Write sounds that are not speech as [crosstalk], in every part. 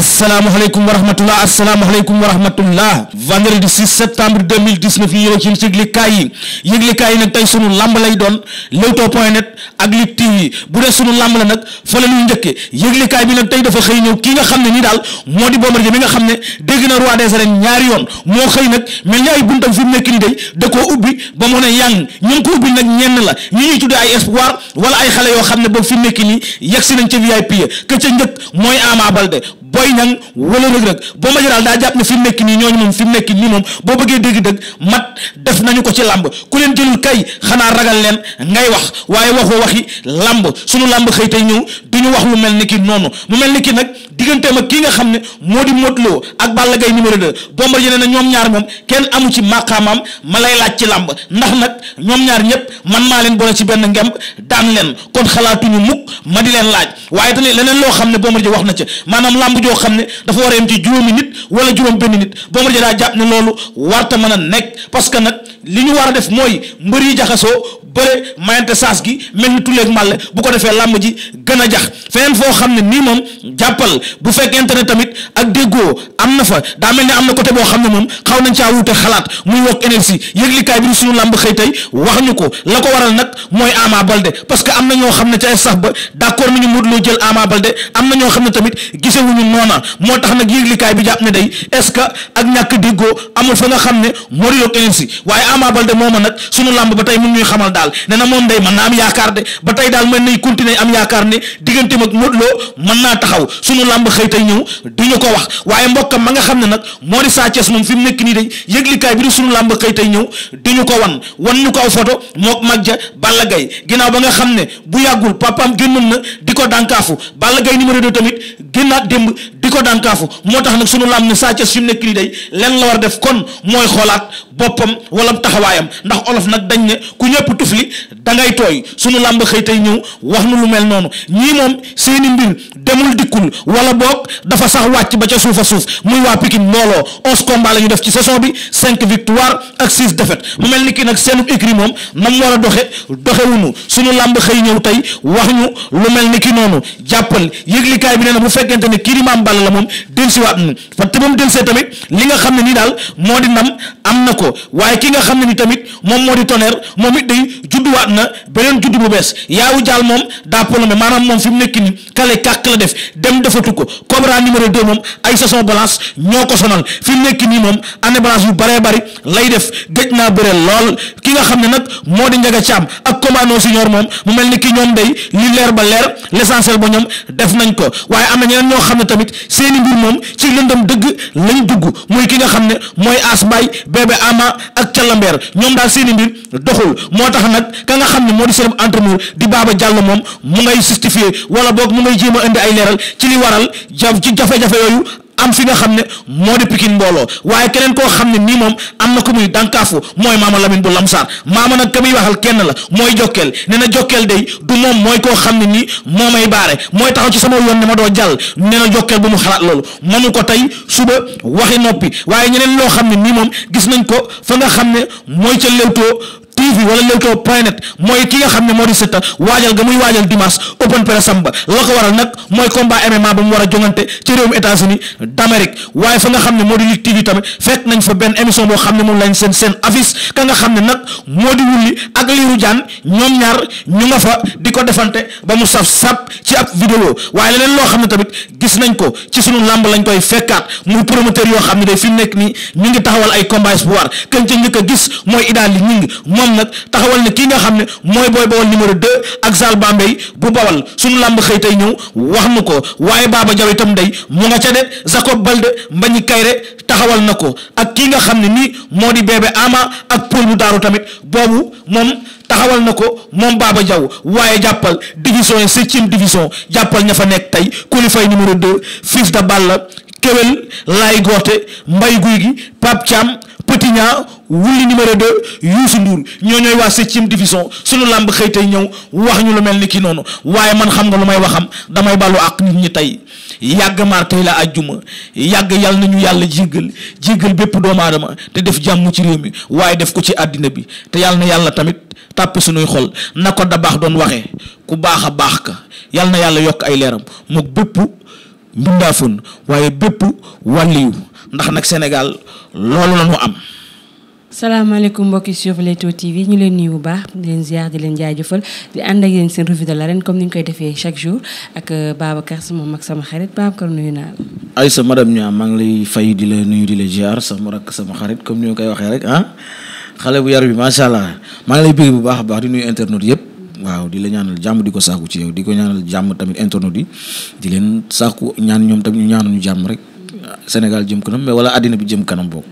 asalaamaaleykum wa rahmatullah asalaamaaleykum wa rahmatullah vendredi 6 septembre 2019 yi yéen ci yëglikaay yi yëglikaay yi nag tey sunu lamb lay doon Leewtoo point net ak Lutte TV bu dee sunu lamb la nag fa la ñuy njëkkee yëglikaay bi nag tey dafa xëy ñëw kii nga xam ne nii daal moo di Bombardier mi nga xam ne dégg na roi des arènes ñaari yoon moo xëy nag mel ni ay buntam fi mu nekk nii day da koo ubbi ba mu ne yang ñun ko ubbi nag ñenn la ñi ñuy tuddee ay espoir wala ay xale yoo xam ne boobu fi mu nekk nii yegg si nañ ca VIP ka ca njëkk mooy Ama Baldé Boy Niang wala Reug Reug Bombardier daal daa jàpp ne fi mu nekk nii ñooñu moom fi mu nekk nii moom boo bëggee dégg-dëgg mat def nañu ko ci làmb ku leen jëlul kay xanaa ragal leen ngay wax waaye waxoo waxi làmb sunu làmb xëy tey ñëw du ñu wax lu mel ni ki noonu mu mel ni ki nag digganteem ak kii nga xam ne moo di Modou Lo ak Balla Gaye numéro 2 Bombardier ne na ñoom ñaar moom kenn amu ci màqaamam ma lay laaj ci làmb ndax nag ñoom ñaar ñëpp man maa leen boole ci benn ngemb daan leen kon xalaatuñu mukk ma di leen laaj waaye tamit leneen loo xam ne Bombardier wax na ca maanaam làmb joo xam ne dafa war a yem ci juróomi nit wala juróom benn nit Bombardier daa jàpp ne loolu warta mën a nekk parce que nag li ñu war a def mooy mbër yi jaxasoo bëre mayante saas gi mel ni tuleeg màlle bu ko defee làmb ji gën a jax feneen foo xam ne nii moom jàppal bu fekkente ne tamit ak déggoo am na fa daa mel ni am na côté boo xam ne moom xaw nañ caa wuute xalaat muy wokk énergie yëglikaay bi làmb xëy tey wax ñu ko la ko waral nag mooy Ama Baldé parce que am na ñoo xam ne ca sax ba d'accord nañu Modou Lo jël Ama Baldé am na ñoo xam ne tamit gisewuñu noona moo tax nag yëglikaay bi jàpp ne day est-ce que ak ñàkk déggoo amul fa nga xam ne moo di yokk énergie waaye Ama Baldé mooma nag suñu làmb ba tey mun ñuy xamal daal na moom day mën naa am yaakaar de ba tey daal mën nay continuer am yaakaar ne diggante mag Modou Lo mën naa taxaw sunu làmb xëy tey ñëw du ko wax waaye mbokkam ma nga xam ne nag moo di Sa Thiès moom fi mu nekk nii day yëglikaay bi di sunu làmb xëy tey ñëw du ko wan wan ñu ko aw photo mook mag ja Balla Gaye ginnaaw ba nga xam ne bu yàggul papaam génnoon na di ko dànkaafu Balla Gaye numéro 2 tamit génnaat démb di ko daan kaafu moo tax nag sunu laam ne Sa Thiès fi nekk nii day lenn la war a def kon mooy xoolaat boppam wala taxawaayam ndax olof nag dañ ne ku ñëpp tufli da ngay tooy sunu làmb xëy tey ñëw wax nu lu mel noonu ñii moom seeni mbir demul dikkul wala boog dafa ba ca suuf a suuf muy waa Pikine mbooloo la ñu def bi cinq victoire ak six défaites mu mel ki nag seenu écrit moom a doxe doxewunu sunu làmb xëy ñëw tey wax ñu lu mel ni ki noonu jàppal yëglikaay bi nee na bu fekkente ne kii di yàlla moom delsiwaat nu fa te ba mu delsee tamit li nga xam ne nii daal moo di ndam am na ko waaye ki nga xam ne ni tamit moom moo di tonnerre moom it day judduwaat na beneen juddu bu bees yaawu jaal moom daa problème maanaam moom fi mu nekk ni kale kàkk la def dem defatu ko Cobra numéro 2 moom ay saison balance ñoo ko sonal fi mu nekk nii moom année balance yu baree bari lay def gëj naa bëre lool ki nga xam ne nag moo di njaga caam ak commando senior moom mu mel ni ki ñoom day li leer ba leer l'essentiel ba ñoom def nañ ko waaye am na ñeneen seeni mbir moom ci lëndam dëgg lañ dugg muy ki nga xam ne mooy Ass Mbaye bébé ama ak calambeer ñoom daal seeni mbir doxul moo tax nag ka nga xam ne moo di seen entraîneur di Baba Diallo moom mu ngay justifier wala boog mu ngay jéem a indi ay neeral ci li waral ja ci jafe-jafe yooyu am fi nga xam ne moo di Pikine mbooloo waaye keneen koo xam ne nii moom am na ko muy dànkaafu mooy maama Lamine bu Lamsaar maama nag ka muy waxal kenn la mooy jokkeel nee na jokkeel dey du moom mooy koo xam ne nii moo may baare mooy taxaw ci sama yoon ne ma doo jàll nee na jokkeel bu mu xalaat loolu moomu ko tay suba waxi noppi waaye ñeneen loo xam ne nii moom gis nañ ko fa nga xam ne mooy ca Leewtoo TV wala Leewtoo point net mooy ki nga xam ne moo di Siteu waajal ga muy waajal dimanche open press la ko waral nag mooy combat MMA ba mu war a jongante ci réewum États-Unis d'Amérique waaye fa nga xam ne moo di Lutte TV tamit fekk nañ fa benn émission boo xam ne moom lañ seen seen affiche ka nga xam ne nag moo di wulli ak liiru jaan ñoom ñaar ñu nga fa di ko defante ba mu saf sap ci ab vidéo waaye leneen loo xam ne tamit gis nañ ko ci sunu làmb lañ koy fekkaat muy promoteur yoo xam ne day fi nekk nii ñu ngi taxawal ay combat espoir kenn a gis mooy idaal ñooñ nag taxawal ne kii nga xam ne mooy booy bawal numéro deux ak Zal Bambey bu bawal suñu làmb xëy tey ñëw wax nu ko waaye Baba Jaw itam day mu nga ca de Jacob Balde Mbañi Kayre taxawal na ko ak kii nga xam ne nii moo di bébé ama ak pël bu daaru tamit boobu moom taxawal na ko moom Baba Jaw waaye jàppal division yi septième division jàppal ña fa nekk tey qualifié numéro deux fils de balle kéwél laay goote mbay guy gi Pape Thiam ti ñaa wulli numéro de Youssou Ndour ñoo ñooy waa septième division suñu làmb xëy tey ñëw wax ñu la mel ni kii noonu waaye man xam nga lu may waxam damay bàllu ak nit ñi tey yàgg maar tey la àjjuma yàgg yàlla nañu yàlla jéggal jéggal bépp doomu aadama te def jàmm ci réew mi waaye def ko ci àddina bi te yàlla na yàlla tamit tàpp suñuy xol na ko da baax doon waxee ku baax a baax ka yàlla na yàlla yokk ay leeram mook bépp mbindaafon waaye bépp wàlliyu ndax nag Sénégal loolu la ñu am. salaamaaleykum mbokki sur Leewtoo TV ñu leen nuyu bu baax di leen ziar di leen jaajëfal di ànd ak yéen seen revue de l'arène comme ni ñu koy defee chaque jour ak euh, Babacar sama mag sama xarit Babacar nuyu naa ay sama madame Niang maa ngi lay fay di la nuyu di la ziar sama rakk sama xarit comme ni ma koy waxee rek ah xale bu yar bi macha allah maa ngi lay bëgg bu baax a baax di nuyu internet yëpp. waaw di la ñaanal jàmm di ko saaku ci yow di ko ñaanal jàmm tamit internet yi di leen saaku ñaan ñoom tamit ñu ñaanal ñu jàmm rek. Sénégal jëm kanam mais wala àddina bi jëm kanam boobu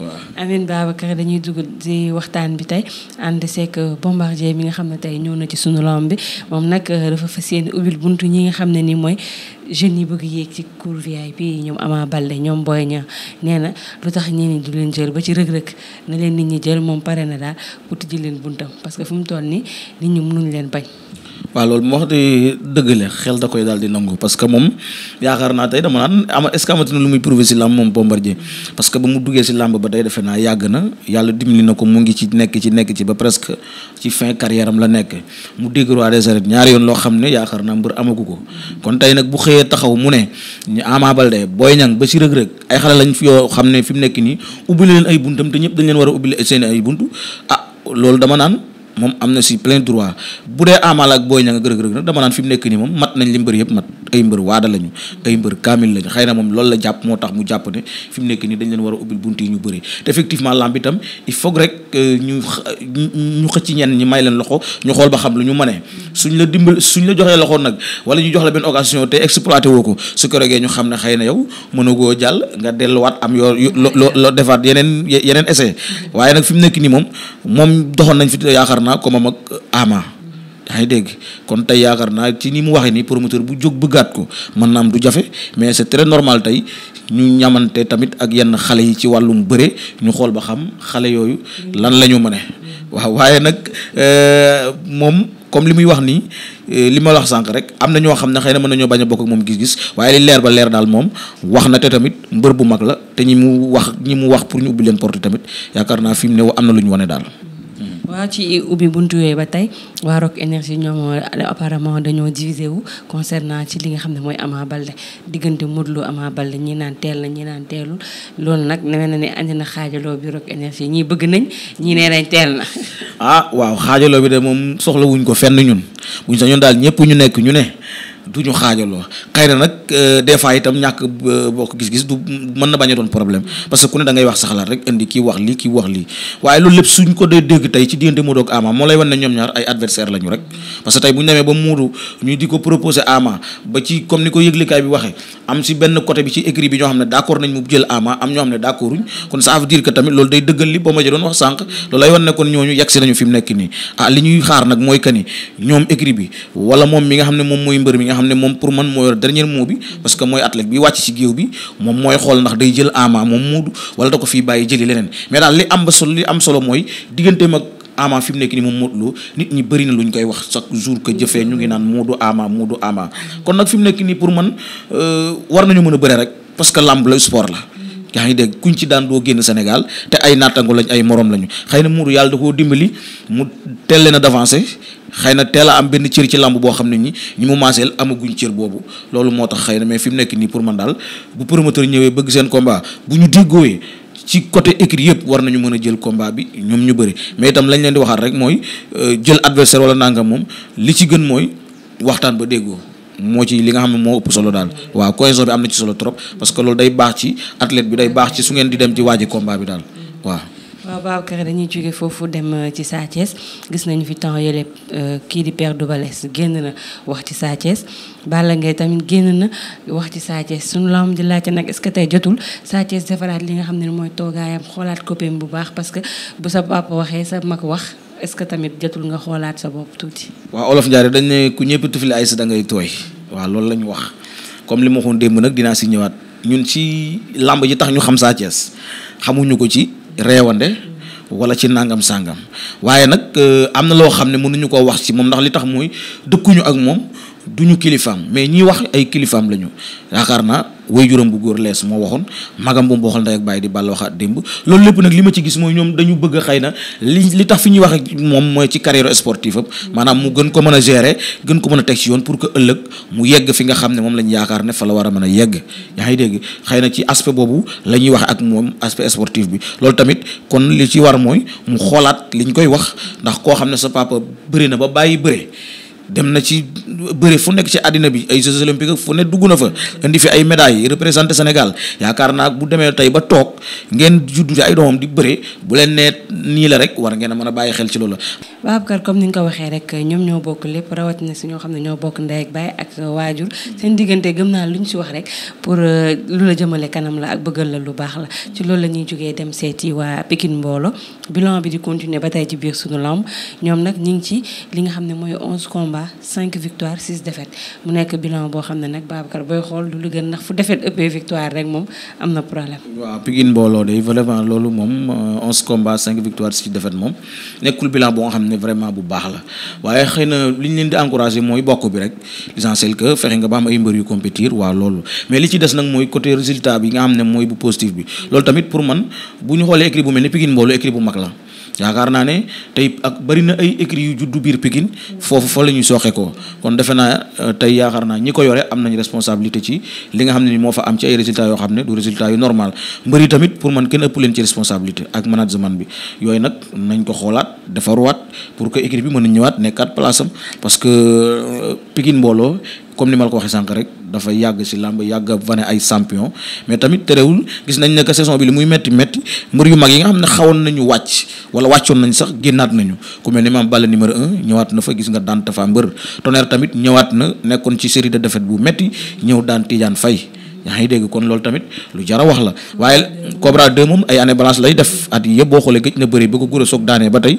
waaw. amiin Babacar dañuy dugg ci waxtaan bi tey ànd seeg bombardier mi nga xam ne tey ñëw na ci sunu lom bi moom nag euh, dafa fas yéene ubbil bunt ñi nga xam ne nii mooy jeunes yi bëgg yéeg ci cour VIP yi ñoom Ama Baldé ñoom Boy Niang nee na lu tax ñii ni du leen jël ba ci rëg-rëg na leen nit ñi jël moom pare na daal pour tijji leen buntam parce que fu mu toll nii nit ñi mënuñ leen bañ. waaw loolu moo wax di dëgg la xel da koy daal di nangu parce que moom yaakaar naa tey dama naan ama est ce que amati na lu muy prouver moom Bombardier parce que ba mu duggee si làmb ba day defe naa yàgg na yàlla dimbali na ko mu ngi ci nekk ci nekk ci ba presque ci fin carrière am la nekk mu dégg roi des arènes ñaari yoon loo xam ne yaakaar naa mbër amagu ko kon tey nag bu xëyee taxaw mu ne ñu Ama Baldé Boy Niang ba si rëg-rëg ay xale lañ fi yoo xam ne fi mu nekk nii ubbi leen ay buntam te ñëpp war a ubbi ah, dama naan moom am na si plein droit bu dee Ama ak Boy Niang ak Reug Reug nag dama naan fi nekk nii moom moom euh, ñu xool ba xam lu ñu mënee suñ la dimbal suñ la joxee loxo nag wala ñu jox la benn occasion te exploité woo ko ko regee ñu xam ne xëy na yow mënagoo jàll nga delluwaat am yoo loo loo defaat yeneen yeneen essai mm-hmm. waaye nag fi mu nekk nii moom moom doxoon nañ fi yaakaar naa ko moom ak Ama yaa ngi dégg kon tey yaakaar naa ci ni mu waxee ni promoteur bu jóg bëggaat ko man naa am du jafe mais c'est très normal tey ñu ñamante tamit ak yenn xale yi ci wàllum bëre ñu xool ba xam xale yooyu lan lañu ñu mën a waaw waaye nag euh, moom comme li muy wax nii euh, li ma wax sànq rek am na ñoo xam ne xay na mën nañoo bañ a bokk ak moom gis-gis waaye li leer ba leer daal moom wax na te tamit mbër bu mag la te ñi mu wax ñi mu wax pour ñu ubbi leen porte tamit yaakaar naa fi mu na lu ñu wane daal. waaw ci ubbi bunt yooyu ba tey waa Rock Énergie ñoom euh, apparemment dañoo divisé wu concernant ci li nga xam ne mooy Ama Baldé diggante Modou Lo Ama Baldé ñi naan teel na ñi naan teelul loolu nag nee na ne andi na xaajaloo bi Rock Énergie ñii bëgg nañ ñii nee nañ teel na. ah waaw xaajaloo bi de moom soxla wuñ ko fenn ñun buñ sañoon daal ñëpp ñu nekk ñu ne. duñu xaajaloo xëy na nag euh, des fois itam ñàkk euh, bokk gis-gis du mën na bañ doon problème parce que ku ne da wax sa rek indi kii wax lii kii wax lii waaye loolu lépp suñ ko dee dégg tey ci diggante Modou ak Ama moo lay wan ne ñoom kon ça veut dire tamit loolu day dëggal li ba ma doon wax sànq loolu lay wan ne kon ah, ñoom écrit bi wala moom mi nga xam ne moom mooy mbër mi xam ne moom pour man moo yor dernier mot bi parce que mooy athlète bi wàcc ci géew bi moom mooy xool ndax day jël Ama moom muudu wala da ko fii bàyyi jëli leneen mais daal li am ba solo mooy digganteem ak Ama fi mu nekk nii moom Modou Lo nit ñi bëri na lu ñu koy wax chaque jour que jëfee ñu ngi naan Modou Ama Modou Ama kon nag fi mu nekk nii pour man euh, war nañu mën a bëre rek parce que làmb la sport la yaa ngi dégg guñ ci daan doo génn Sénégal te ay naattango lañ ay morom lañu xëy na muuru yàlla da koo dimbali mu teel na a d'avancer xëy na teel a am benn cër ci làmb boo xam ne ñi ñi mu maaseel amaguñ cër boobu loolu moo tax xay na mais fi mu nekk nii pour man daal bu promoteur ñëwee bëgg seen komba bu ñu déggoowee ci côté écrit yëpp war nañu mën a jël combat bi ñoom ñu bëri mais itam lañ leen di waxaat rek mooy euh, jël adversaire wala nangam moom li ci gën mooy waxtaan ba déggoo moo ci li nga xam ne moo ëpp solo daal waa cohésion bi am na ci solo trop parce que loolu day baax ci athlète bi day baax ci su ngeen di dem ci waaji combat bi daal waaw. waaw Babacar dañuy jóge foofu dem euh, ci Sa gis nañu fi temps yële euh, kii di père Double Less génn na wax ci Sa Thiès ngay tamit génn na wax ci Sa Thiès suñu lamb di laajte nag est-ce que tey jotul Sa Thiès defaraat li nga xam ne mooy toogaayam xoolaat copéem bu baax parce que bu sa papa waxee sa mag wax. est-ce que tamit jotul nga xoolaat sa bopp tuuti. waaw olof Ndiaye dañ ne ku ñëpp tufli ay sa da ngay tooy waaw loolu la ñu wax comme li ma waxoon démb nag dinaa si ñëwaat ñun ci làmb ji tax ñu xam Sa Thiès xamuñu ko ci reewande wala ci nangam sangam waaye nag euh, am na loo xam ne mënuñu koo wax ci moom ndax li tax mooy dëkkuñu ak moom. duñu kilifaam mais ñi wax ay kilifaam lañu yaakaar naa waajuram bu góor lees moo waxoon magam bu mu waxoon ndey ak bàyyi di bàll waxaat démb loolu lépp nag li ma ci gis mooy ñoom dañu bëgg a xëy na li li tax fi ñuy wax moom mooy ci carrière sportive am maanaam gën ko mën a gérer gën ko mën teg ci yoon pour que ëllëg mu yegg fi nga xam ne moom lañu yaakaar ne fa la war a mën a yegg yaa ngi dégg xëy na ci aspect boobu la ñuy wax ak moom aspect sportif bi loolu tamit kon li ci war mooy mu xoolaat li ñu koy wax ndax koo xam ne sa papa bëri na ba bàyyi bëri dem na ci bëre fu nekk ci àddina bi ay jeux olympiques fu ne dugg na fa indi fi ay médailles représenté Sénégal yaakaar naa bu demee tey ba toog ngeen juddu ay doomam di bëre bu leen nee nii la rek war ngeen a mën a bàyyi xel ci loolu. comme ni nga ko waxee rek ñoom ñoo bokk lépp rawatina si ñoo xam ne ñoo bokk ndey ak baay ak waajur seen diggante naa lu ñu si wax rek pour euh, lu la jëmale kanam la ak bëggal la lu baax la ci loolu la ñuy jógee dem seeti waa Pikine mboolo bilan bi di continuer ba tey ci biir suñu lamb ñoom nag ñu ngi ci li nga xam ne mooy onze combats combats 5 victoires 6 défaites mu nekk bilan boo xam ne nag Babacar booy xool du lu gën ndax fu défaite ëppee victoire rek moom am na problème. waaw Pikine mbooloo de vraiment loolu moom 11 euh, combats 5 victoires 6 défaites moom nekkul bilan boo xam ne vraiment bu baax la waaye xëy na li ñu leen di encourager mooy bokk bi rek l'essentiel que fexe nga ba am ay mbër yu compétir waaw loolu mais li ci des nag mooy côté résultat bi nga xam ne mooy bu positif bi loolu yaakaar naa ne tey ak bari na ay écrits yu juddu biir Pikine foofu fa la ñuy sooxe ko kon defe naa euh, tey yaakaar naa ñi ko yore am nañu responsabilité ci li nga xam ne ni moo fa am ci ay résultats yoo xam ne du résultat yu normal mbëri tamit pour man kenn ëpp leen ci responsabilité ak management bi yooyu nag nañ ko xoolaat defaruwaat pour que équipe bi mën na ñëwaat nekkaat place am parce que euh, Pikine mbooloo comme ni ma la ko waxee sànq rek dafa yàgg si làmb yàgg a vane ay champion mais tamit terewul gis nañ ne que saison bi li muy métti métti mbër yu mag yi nga xam ne xawoon nañu wàcc wala wàccoon nañ sax génnaat nañu ku mel ni Mame Balla numéro un ñëwaat na fa gis nga daan Tapha Mbeur Tonnerre tamit ñëwaat na nekkoon ci série de défaite bu metti ñëw daan Tidiane Faye yaa ngi dégg kon loolu tamit lu jar a wax la waaye Cobra 2 moom ay année balance lay def at yii boo xoolee gëj na bëri ba ko a soog daanee ba tey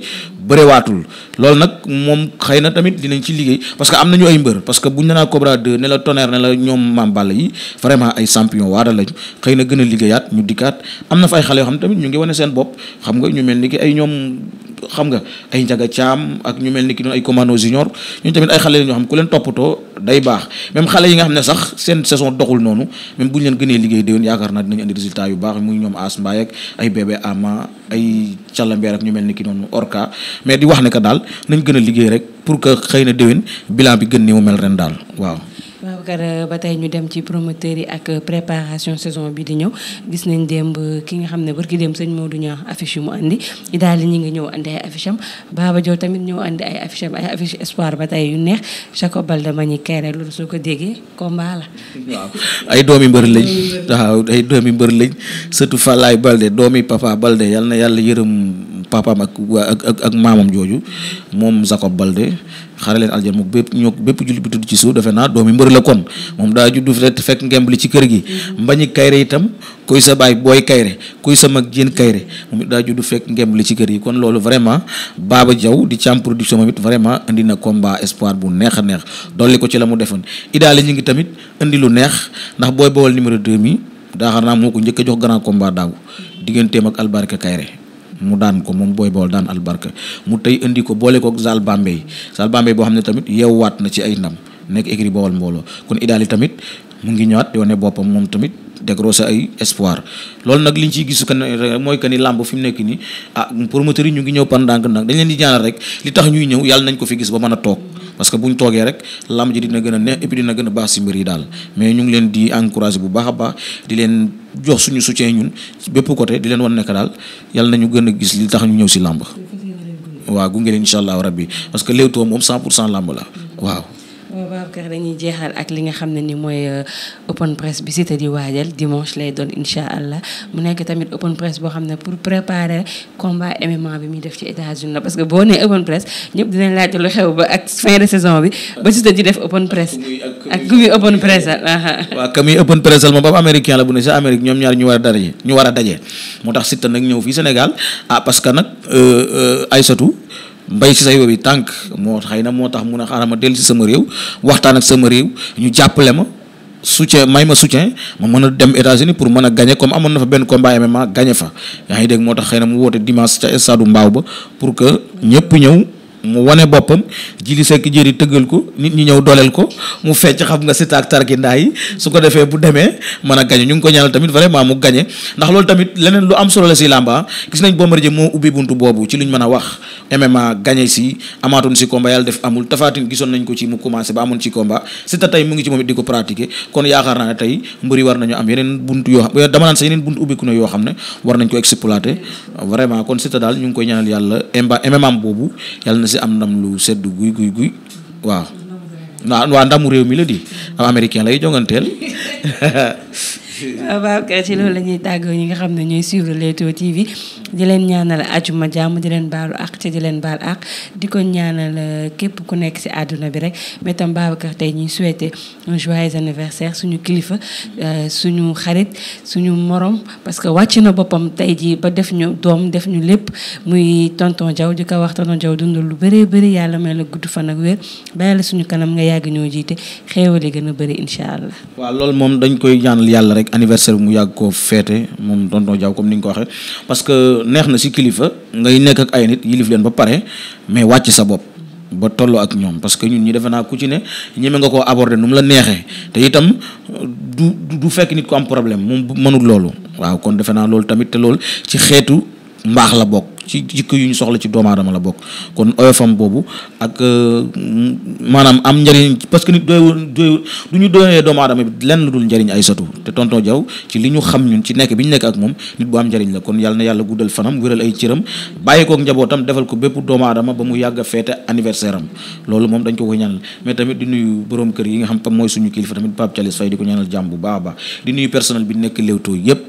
bërewaatul loolu nag moom xëy na tamit dinañ ci liggéey parce que am nañu ay mbër parce que buñ ne naa Cobra 2 ne la tonnerre ne la ñoom maam Balla yi vraiment ay champion waada lañ xëy na gën a liggéeyaat ñu dikkaat am na fa ay xale yoo xam tamit ñu ngi wane seen bopp xam nga ñu mel ni ki ay ñoom xam nga ay njaga caam ak ñu mel ni ki noonu ay commando junior ñu tamit ay xale la ñoo xam ku leen toppatoo day baax même xale yi nga xam ne sax seen saison doxul noonu même bu ñu leen gënee liggéey déwén yaakaar naa dinañ andi résultat yu baax muy ñoom As Mbaye ak ay bébé ama ay càllambeer ak ñu mel ni ki noonu orka mais di wax ne daal nañ gën a liggéey rek pour que xëy na déwén bilan bi gën ni mu mel ren daal waaw Babacar euh, ba tey ñu dem ci promoteur yi ak euh, préparation saison bi di ñëw gis nañ démb ki nga xam ne barki démb sëñ moo du affiche yu mu i daal ñi ngi ñëw andi ay affiche am Baba Diaw tamit ñëw andi ay affiche espoir ba tey yu neex Jacob Baldé ma ñi kere loolu soo ko déggee combat la. waaw ay doomi mbër lañ waaw ay doomi mbër lañ surtout Falaye Baldé doomi papa Baldé yal na yàlla yërëm. papaam ak ak ak maamam jooju moom Jacob Balde xare leen aljana mu bépp ñoo bépp jullit bi tudd ci suuf defe naa doomi mbër la kon moom daa juddu fi fekk ngemb li ci kër gi mbañi itam kuy sa baay booy kayre kuy sa mag jéen daa juddu fekk ngemb li ci kër gi kon loolu vraiment baaba jaw di càmm production moom it vraiment indi na combat espoir bu neex a neex dolli ko ci la mu defoon idaale ñu ngi tamit indi lu neex ndax booy bawal numéro 2 mi daaxar naa moo ko njëkk a jox grand combat daaw digganteem ak albarka kayre mu daan ko moom booy bool daan albarka mu tey indi ko boole ko Zal Bambey Zal Bambey boo xam ne tamit yeewwaat na ci ay ndam nekk écrit Bawol mbooloo kon idaali tamit mu ngi ñëwaat yoone boppam moom tamit dégrosser ay espoir loolu nag liñ ciy gis que ne mooy que ni làmb fi mu nekk nii ah promoteurs yi ñu ngi ñëw par ndànk nag dañ leen di ñaanal rek li tax ñuy ñëw yàlla nañ ko fi gis ba mën a toog parce que bu ñu toogee rek làmb ji dina gën a neex et dina gën a baax si mbir yi daal mais ñu ngi leen di encourager bu baax a baax di leen jox suñu soutien ñun bépp côté di leen wan nekk daal yàlla nañu gën a gis li tax ñu ñëw si làmb waa gunge leen incha allah rabbi parce que Leewtoo moom 100 pour cent làmb la waaw Babacar dañuy jeexal ak li nga xam ne ni mooy euh, open press bi Siteu di waajal dimanche lay doon incha allah mu nekk tamit open press boo xam ne pour préparer combat la boo nee open press ñëpp dinañ laaj lu xew ba ak fin de saison bi ba Siteu di def open press. ak ku muy open press al waaw américain la bu ne sa Amérique ñoom ñaar ñu war a daje ñu war a daje moo tax Siteu nag ñëw fii Sénégal ah parce nag euh, euh, Aïssatou. mbay ci sa yooyu tànk moo xëy na moo tax mun a xaaral ma dellu si sama réew waxtaan ak sama réew ñu jàppale ma soutien may ma soutien ma mën a dem États-Unis pour mën a gagné comme amoon na fa benn combat MMA gagné fa yaa ngi dégg moo tax xëy na mu woote dimanche ca stade Mbao ba pour que ñëpp ñëw. mu wane boppam jili sekk jëri tëggal ko nit ñi ñëw dooleel ko mu fecc xam nga sitaak tarkindaa yi su ko defee bu demee mën a gañe ñu ngi ko ñaanal tamit vraiment mu gañe ndax loolu tamit leneen lu am solo la si làmba gis nañ Bombardier moo ubbi buntu boobu ci a wax MMA gañe si amaatoon si combat yàlla def gisoon nañ ko ci mu commencé ba amoon ci combat si tey mu ngi ci moom it di ko pratiquer kon yaakaar naa ne tey mbëri war nañu am yeneen buntu yoo xam dama naan sax yeneen buntu ubbiku na yoo xam ne war nañ ko exploiter vraiment kon si daal ñu ngi koy ñaanal yàlla MMA boobu yàlla si am ndam lu sedd guy guy guy waaw. waaw waa ndamu réew mi la di am lay jonganteel. [laughs] waaw kay ci loolu la ñuy tàggoo ñi nga xam ne ñooy suivre Leewtoo TV di leen ñaanal ajuma jàmm di leen baalu àq te di leen baal ak di ko ñaanal euh, képp ku nekk ci àdduna bi rek mais tam Babacar tey ñuy souhaiter un joyeux anniversaire suñu kilifa euh, suñu xarit suñu morom parce que wàcc na boppam tey jii ba def ñu doom def ñu lépp muy tonton Diaw di ka wax tonton Diaw dundal lu bëree bëri yàlla may la gudd fa nag wér bàyyi la suñu kanam nga yàgg ñoo jiite xéewal yi gën a bëri incha allah. waaw loolu moom dañ koy ñaanal yàlla rek anniversaire mu yàgg koo moom tonton Diaw neex na si kilifa ngay nekk ak ay nit yilif leen ba pare mais wàcc sa bopp ba tolloo ak ñoom parce que ñun ñi defe naa ku ci ne ñeme nga koo aborder nu mu la neexee te itam du du fekk nit ku am problème moom mënul loolu waaw kon defe naa loolu tamit te loolu ci xeetu mbaax la bokk ci jikko yu ñu soxla ci doomu aadama la bokk kon oyofam boobu ak euh, maanaam am njëriñ parce que nit doyul doyul du ñu doyee doomu aadama bi lenn dul njëriñ ay satu te tonton Diaw ci li ñu xam ñun ci nekk bi ñu nekk ak moom nit bu am njëriñ la kon yàlla na yàlla guddal fanam wéral ay cëram bàyyi kook njabootam defal ko bépp doomu aadama ba mu yàgg a feete anniversaire am loolu moom dañ ko koy ñaanal mais tamit di nuyu borom kër yi nga xam pam mooy suñu kilifa tamit Pape nekk Leewtoo yépp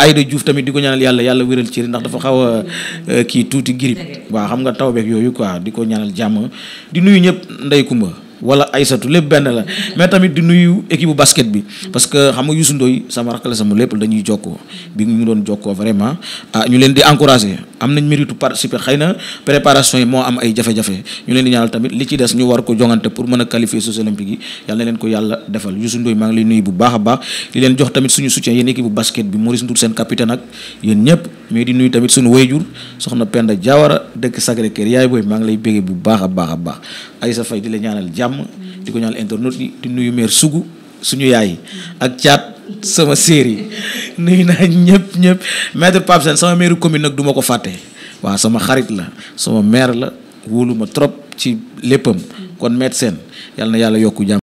Aïda Diouf tamit di ko ñaanal yàlla yàlla wéral ci ndax dafa xaw euh, kii tuuti girip waa xam nga taw beeg yooyu quoi di ko ñaanal jàmm di nuyu ñëpp Ndey Kumba wala satu lépp benn la mais tamit di nuyu équipe bu basket bi parce que xam nga Youssou Ndoye sama rakk sama lépp dañuy jokkoo bi ñu doon jokkoo vraiment ah ñu leen di encourager am nañ mérite participer xëy na préparation yi moo am ay jafe-jafe ñu leen di ñaanal tamit li ci des ñu war ko jongante pour mën a qualifier aux olympiques yi yàlla na leen ko yàlla defal Youssou Ndoye maa ngi lay nuyu bu baax a baax li leen jox tamit suñu soutien yéen équipe bu basket bi Maurice Ndour seen capitaine ak ñëpp mais di nuyu tamit suñu wayjur soxna Penda Diawara dëkk Sacré-Cœur yaay booy maa ngi lay bégee bu baax a baax a baax Aïssa Faye di la ñaanal jàmm di ko ñaanal internet yi di nuyu mère Sougou suñu yaay ak caat sama séeri [laughs] nuyu naa ñëpp ñëpp maître Pape Sène sama maire commune ak du ma ko fàtte waa sama xarit la sama maire la wóolu ma trop ci léppam kon maître Sène yàlla na yàlla yokku jàmm